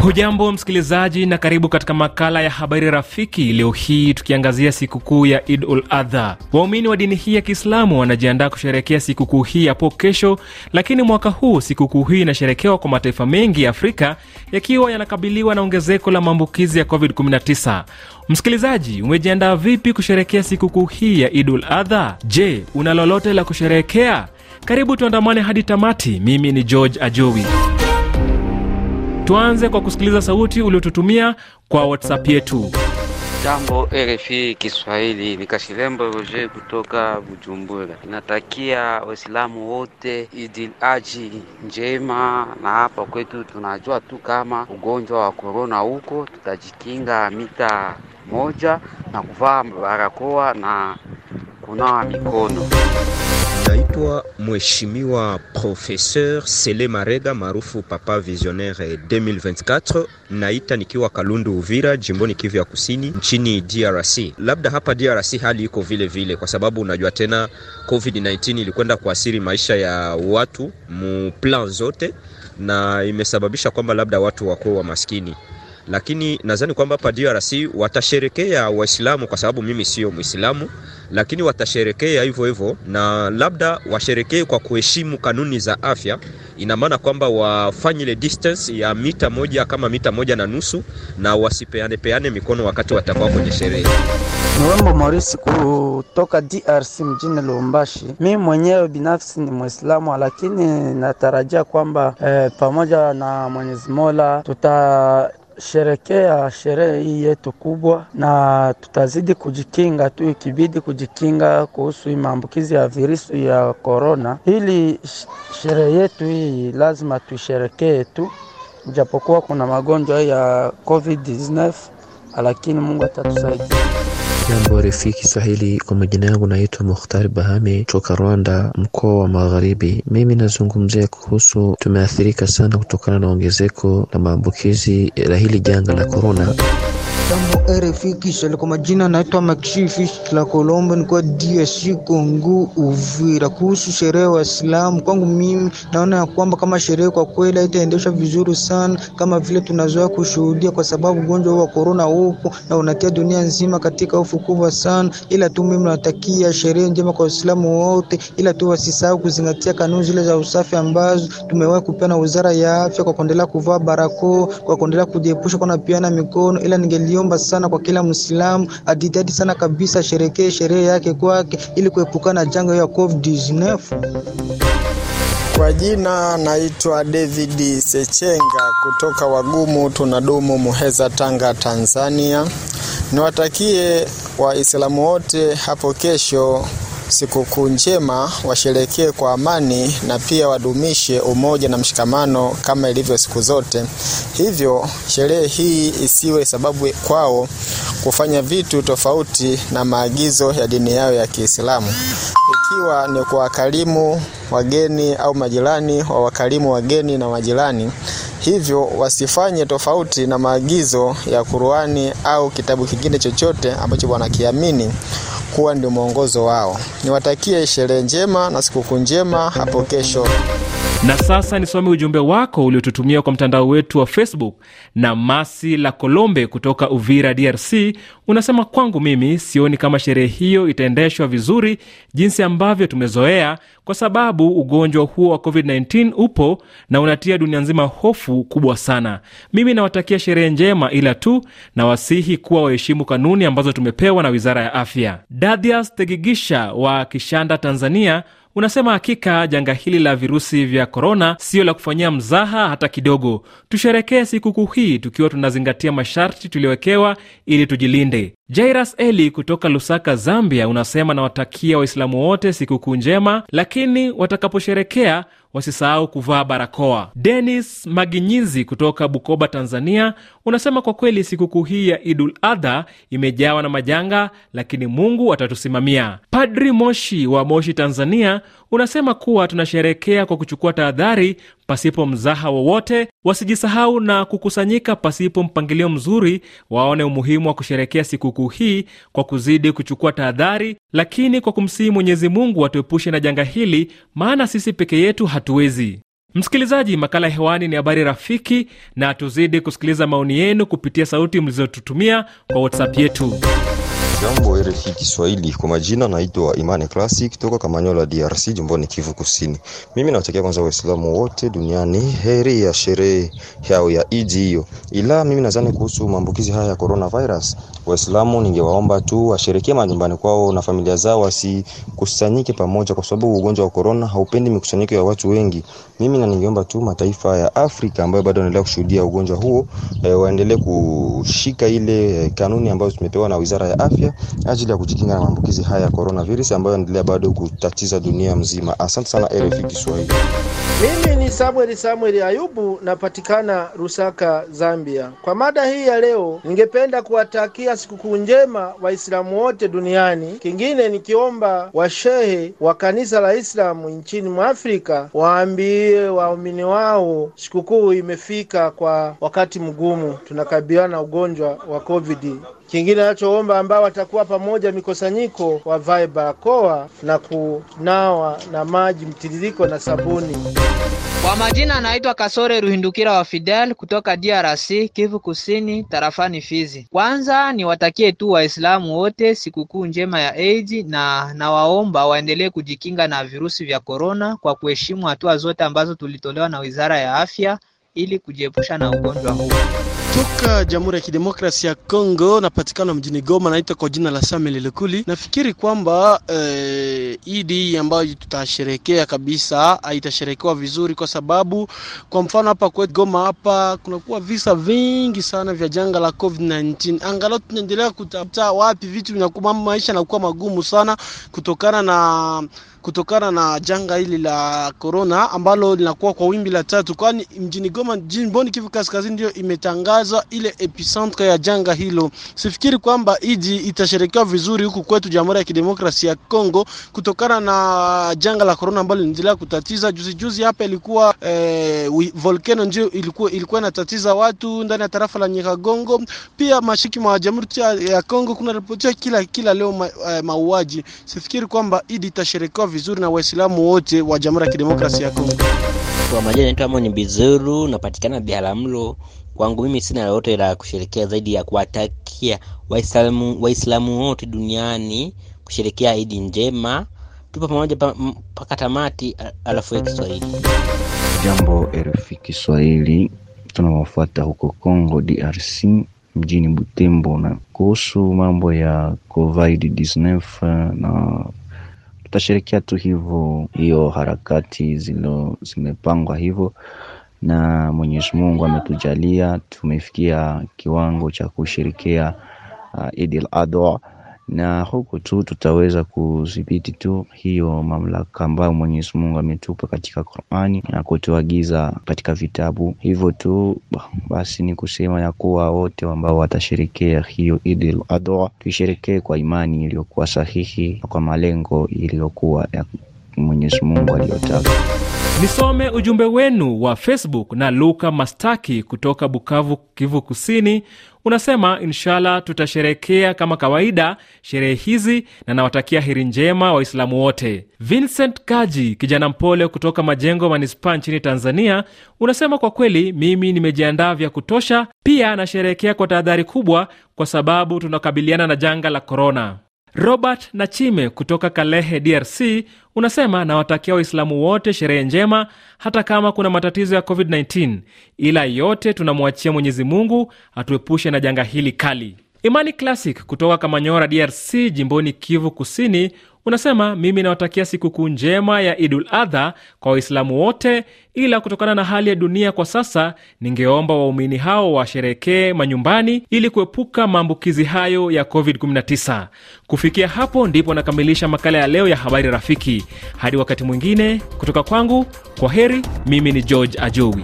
Hujambo msikilizaji, na karibu katika makala ya habari rafiki. Leo hii tukiangazia sikukuu ya Id ul Adha. Waumini wa dini hii ya Kiislamu wanajiandaa kusherekea sikukuu hii hapo kesho, lakini mwaka huu sikukuu hii inasherekewa kwa mataifa mengi ya Afrika yakiwa yanakabiliwa na ongezeko la maambukizi ya COVID-19. Msikilizaji, umejiandaa vipi kusherekea sikukuu hii ya Id ul Adha? Je, una lolote la kusherekea? Karibu tuandamane hadi tamati. Mimi ni George Ajowi. Tuanze kwa kusikiliza sauti uliotutumia kwa WhatsApp yetu. Jambo RFI Kiswahili, ni Kashilembo Roger kutoka Bujumbura. Inatakia Waislamu wote Idil Aji njema, na hapa kwetu tunajua tu kama ugonjwa wa korona huko, tutajikinga mita moja na kuvaa barakoa na kunawa mikono. Naitwa Mheshimiwa Professeur Sele Marega maarufu Papa Visionnaire 2024, naita nikiwa Kalundu Uvira, jimboni Kivu ya Kusini nchini DRC. Labda hapa DRC hali iko vile vile, kwa sababu unajua tena COVID-19 ilikwenda kuasiri maisha ya watu mu plan zote, na imesababisha kwamba labda watu wakuwa maskini lakini nadhani kwamba hapa DRC watasherekea Waislamu kwa sababu mimi sio Muislamu, lakini watasherekea hivyo hivyo, na labda washerekee kwa kuheshimu kanuni za afya. Ina maana kwamba wafanye ile distance ya mita moja kama mita moja na nusu, na wasipeane peane mikono wakati watakuwa kwenye sherehe. Niwembo Maurice kutoka DRC mjini Lubumbashi. Mi mwenyewe binafsi ni Mwislamu, lakini natarajia kwamba eh, pamoja na Mwenyezi Mola tuta kusherekea sherehe hii yetu kubwa, na tutazidi kujikinga tu, ikibidi kujikinga kuhusu maambukizi ya virusi ya korona. Hili sherehe yetu hii lazima tuisherekee tu, japokuwa kuna magonjwa ya COVID-19, lakini Mungu atatusaidia. Jambo rafiki Kiswahili, kwa majina yangu naitwa Mukhtar Bahame toka Rwanda, mkoa wa Magharibi. Mimi nazungumzia kuhusu tumeathirika sana kutokana na ongezeko la maambukizi la hili janga la korona. Jambo RFI Kiswahili, kwa majina naitwa Makshifish la Kolombo, nikuwa DRC Kongo, Uvira. Kuhusu sherehe Islamu, kwangu mimi naona ya kwamba kama sherehe kwa kweli haitaendeshwa vizuri sana kama vile tunazoea kushuhudia, kwa sababu ugonjwa wa korona huko na unatia dunia nzima katika hofu kubwa sana. Ila tu mimi natakia sherehe njema kwa Waislamu wote, ila tu wasisahau kuzingatia kanuni zile za usafi ambazo tumewahi kupewa na Wizara ya Afya, kwa kuendelea kuvaa barakoa, kwa kuendelea kujiepusha kwa kunapeana mikono, ila ningelio tunaiomba sana kwa kila Muislamu adidadi sana kabisa asherekee sherehe yake kwake ili kuepukana janga ya COVID-19. Kwa jina naitwa David Sechenga kutoka Wagumu Tunadumu, Muheza, Tanga, Tanzania. Niwatakie Waislamu wote hapo kesho sikukuu njema washerekee kwa amani na pia wadumishe umoja na mshikamano kama ilivyo siku zote. Hivyo sherehe hii isiwe sababu kwao kufanya vitu tofauti na maagizo ya dini yao ya Kiislamu, ikiwa ni kuwakarimu wageni au majirani, wa wakarimu wageni na majirani. Hivyo wasifanye tofauti na maagizo ya Qur'ani au kitabu kingine chochote ambacho wanakiamini kuwa ndio mwongozo wao. Niwatakie sherehe njema na sikukuu njema hapo kesho. Na sasa nisome ujumbe wako uliotutumia kwa mtandao wetu wa Facebook. Na Masi la Kolombe kutoka Uvira, DRC, unasema kwangu mimi sioni kama sherehe hiyo itaendeshwa vizuri jinsi ambavyo tumezoea, kwa sababu ugonjwa huo wa COVID-19 upo na unatia dunia nzima hofu kubwa sana. Mimi nawatakia sherehe njema, ila tu nawasihi kuwa waheshimu kanuni ambazo tumepewa na Wizara ya Afya. Dadias Tegigisha wa Kishanda, Tanzania unasema hakika janga hili la virusi vya korona sio la kufanyia mzaha hata kidogo. Tusherekee sikukuu hii tukiwa tunazingatia masharti tuliowekewa ili tujilinde. Jairas Eli kutoka Lusaka, Zambia, unasema nawatakia Waislamu wote sikukuu njema, lakini watakaposherekea wasisahau kuvaa barakoa. Denis Maginyizi kutoka Bukoba, Tanzania, unasema kwa kweli sikukuu hii ya Idul Adha imejawa na majanga, lakini Mungu atatusimamia. Padri Moshi wa Moshi, Tanzania unasema kuwa tunasherekea kwa kuchukua tahadhari pasipo mzaha wowote, wasijisahau na kukusanyika pasipo mpangilio mzuri, waone umuhimu wa kusherekea sikukuu hii kwa kuzidi kuchukua tahadhari, lakini kwa kumsihi Mwenyezi Mungu atuepushe na janga hili, maana sisi peke yetu hatuwezi. Msikilizaji, makala ya hewani ni habari rafiki, na tuzidi kusikiliza maoni yenu kupitia sauti mlizotutumia kwa WhatsApp yetu. Jambo RFI Kiswahili, kwa majina naitwa Imani Classic kutoka Kamanyola, DRC, jumboni Kivu Kusini. Mimi nawatakia kwanza Waislamu wote duniani heri ya sherehe yao ya Idi hiyo, ila mimi nadhani kuhusu maambukizi haya ya coronavirus Waislamu ningewaomba tu washerekee majumbani kwao na familia zao, wasikusanyike pamoja, kwa sababu ugonjwa wa korona haupendi mikusanyiko ya watu wengi. Mimi na ningeomba tu mataifa ya Afrika ambayo bado yanaendelea kushuhudia ugonjwa huo e, waendelee kushika ile eh, kanuni ambazo zimepewa na Wizara ya Afya ajili ya kujikinga na maambukizi haya ya coronavirus ambayo yanaendelea bado kutatiza dunia mzima. Asante sana RFI Kiswahili. Mimi ni Samuel Samuel Ayubu, napatikana Rusaka, Zambia. Kwa mada hii ya leo, ningependa kuwatakia nawatakia sikukuu njema Waislamu wote duniani. Kingine nikiomba washehe wa kanisa la Islamu nchini mwa Afrika waambie waumini wao sikukuu imefika kwa wakati mgumu, tunakabiliana na ugonjwa wa COVID Kingine anachoomba ambao watakuwa pamoja mikosanyiko wavae barakoa na kunawa na maji mtiririko na sabuni. Kwa majina anaitwa Kasore Ruhindukira wa Fidel kutoka DRC, Kivu Kusini, tarafani Fizi. Kwanza niwatakie tu Waislamu wote sikukuu njema ya Eid na nawaomba waendelee kujikinga na virusi vya korona kwa kuheshimu hatua zote ambazo tulitolewa na Wizara ya Afya ili kujiepusha na ugonjwa huu. Toka Jamhuri ya Kidemokrasia ya Kongo, napatikana mjini Goma, naitwa kwa jina la Samuel Lekuli. Nafikiri kwamba eh, idi ambayo tutasherekea kabisa haitasherekewa vizuri, kwa sababu kwa mfano hapa kwa Goma hapa kunakuwa visa vingi sana vya janga la COVID-19. Angalau tunaendelea kutafuta wapi vitu vinakuwa, maisha yanakuwa magumu sana kutokana na kutokana na janga hili la corona ambalo linakuwa kwa wimbi la tatu, kwani mjini Goma, jimboni Kivu Kaskazini, ndio imetangazwa ile epicentre ya janga hilo. Sifikiri kwamba iji itasherekewa vizuri huku kwetu Jamhuri ya Kidemokrasia ya Kongo kutokana na janga la corona ambalo linaendelea kutatiza. Juzi juzi hapa ilikuwa eh, volcano ndio ilikuwa ilikuwa inatatiza watu ndani ya tarafa la Nyakagongo. Pia mashiki mwa Jamhuri ya Kongo kuna ripoti kila kila leo ma, eh, mauaji. Sifikiri kwamba iji itasherekewa vizuri na Waislamu wote wa Jamhuri ya Kidemokrasia ya Kongo. Kwa majina naitwa Amoni Bizuru, napatikana Biharamulo. Kwangu mimi sina lolote la kusherekea zaidi ya kuwatakia Waislamu Waislamu wote duniani kusherekea Idi njema. Tupo pamoja mpaka tamati, alafu ya Kiswahili. Jambo RFI Kiswahili, tunawafuata huko Congo DRC mjini Butembo, na kuhusu mambo ya COVID-19 uh, na tutasherekea tu hivyo hiyo harakati zilo zimepangwa hivyo, na Mwenyezi Mungu ametujalia tumefikia kiwango cha kusherekea uh, Idil Adha na huku tu tutaweza kudhibiti tu hiyo mamlaka ambayo Mwenyezi Mungu ametupa katika Qur'ani na kutuagiza katika vitabu. Hivyo tu basi ni kusema ya kuwa wote ambao watasherekea hiyo al Adha tuisherekee kwa imani iliyokuwa sahihi na kwa malengo iliyokuwa ya Mwenyezi Mungu aliyotaka. Nisome ujumbe wenu wa Facebook na Luka Mastaki kutoka Bukavu, Kivu Kusini. Unasema inshallah tutasherekea kama kawaida sherehe hizi, na nawatakia heri njema Waislamu wote. Vincent Kaji, kijana mpole kutoka Majengo manispaa nchini Tanzania, unasema kwa kweli mimi nimejiandaa vya kutosha, pia nasherehekea kwa tahadhari kubwa, kwa sababu tunakabiliana na janga la korona. Robert Nachime kutoka Kalehe, DRC, unasema nawatakia Waislamu wote sherehe njema, hata kama kuna matatizo ya COVID-19, ila yote tunamwachia Mwenyezi Mungu atuepushe na janga hili kali. Imani Classic kutoka Kamanyora, DRC, jimboni Kivu Kusini, unasema mimi nawatakia sikukuu njema ya Idul Adha kwa Waislamu wote, ila kutokana na hali ya dunia kwa sasa, ningeomba waumini hao washerekee manyumbani ili kuepuka maambukizi hayo ya COVID-19. Kufikia hapo ndipo nakamilisha makala ya leo ya Habari Rafiki. Hadi wakati mwingine, kutoka kwangu, kwa heri. Mimi ni George Ajowi.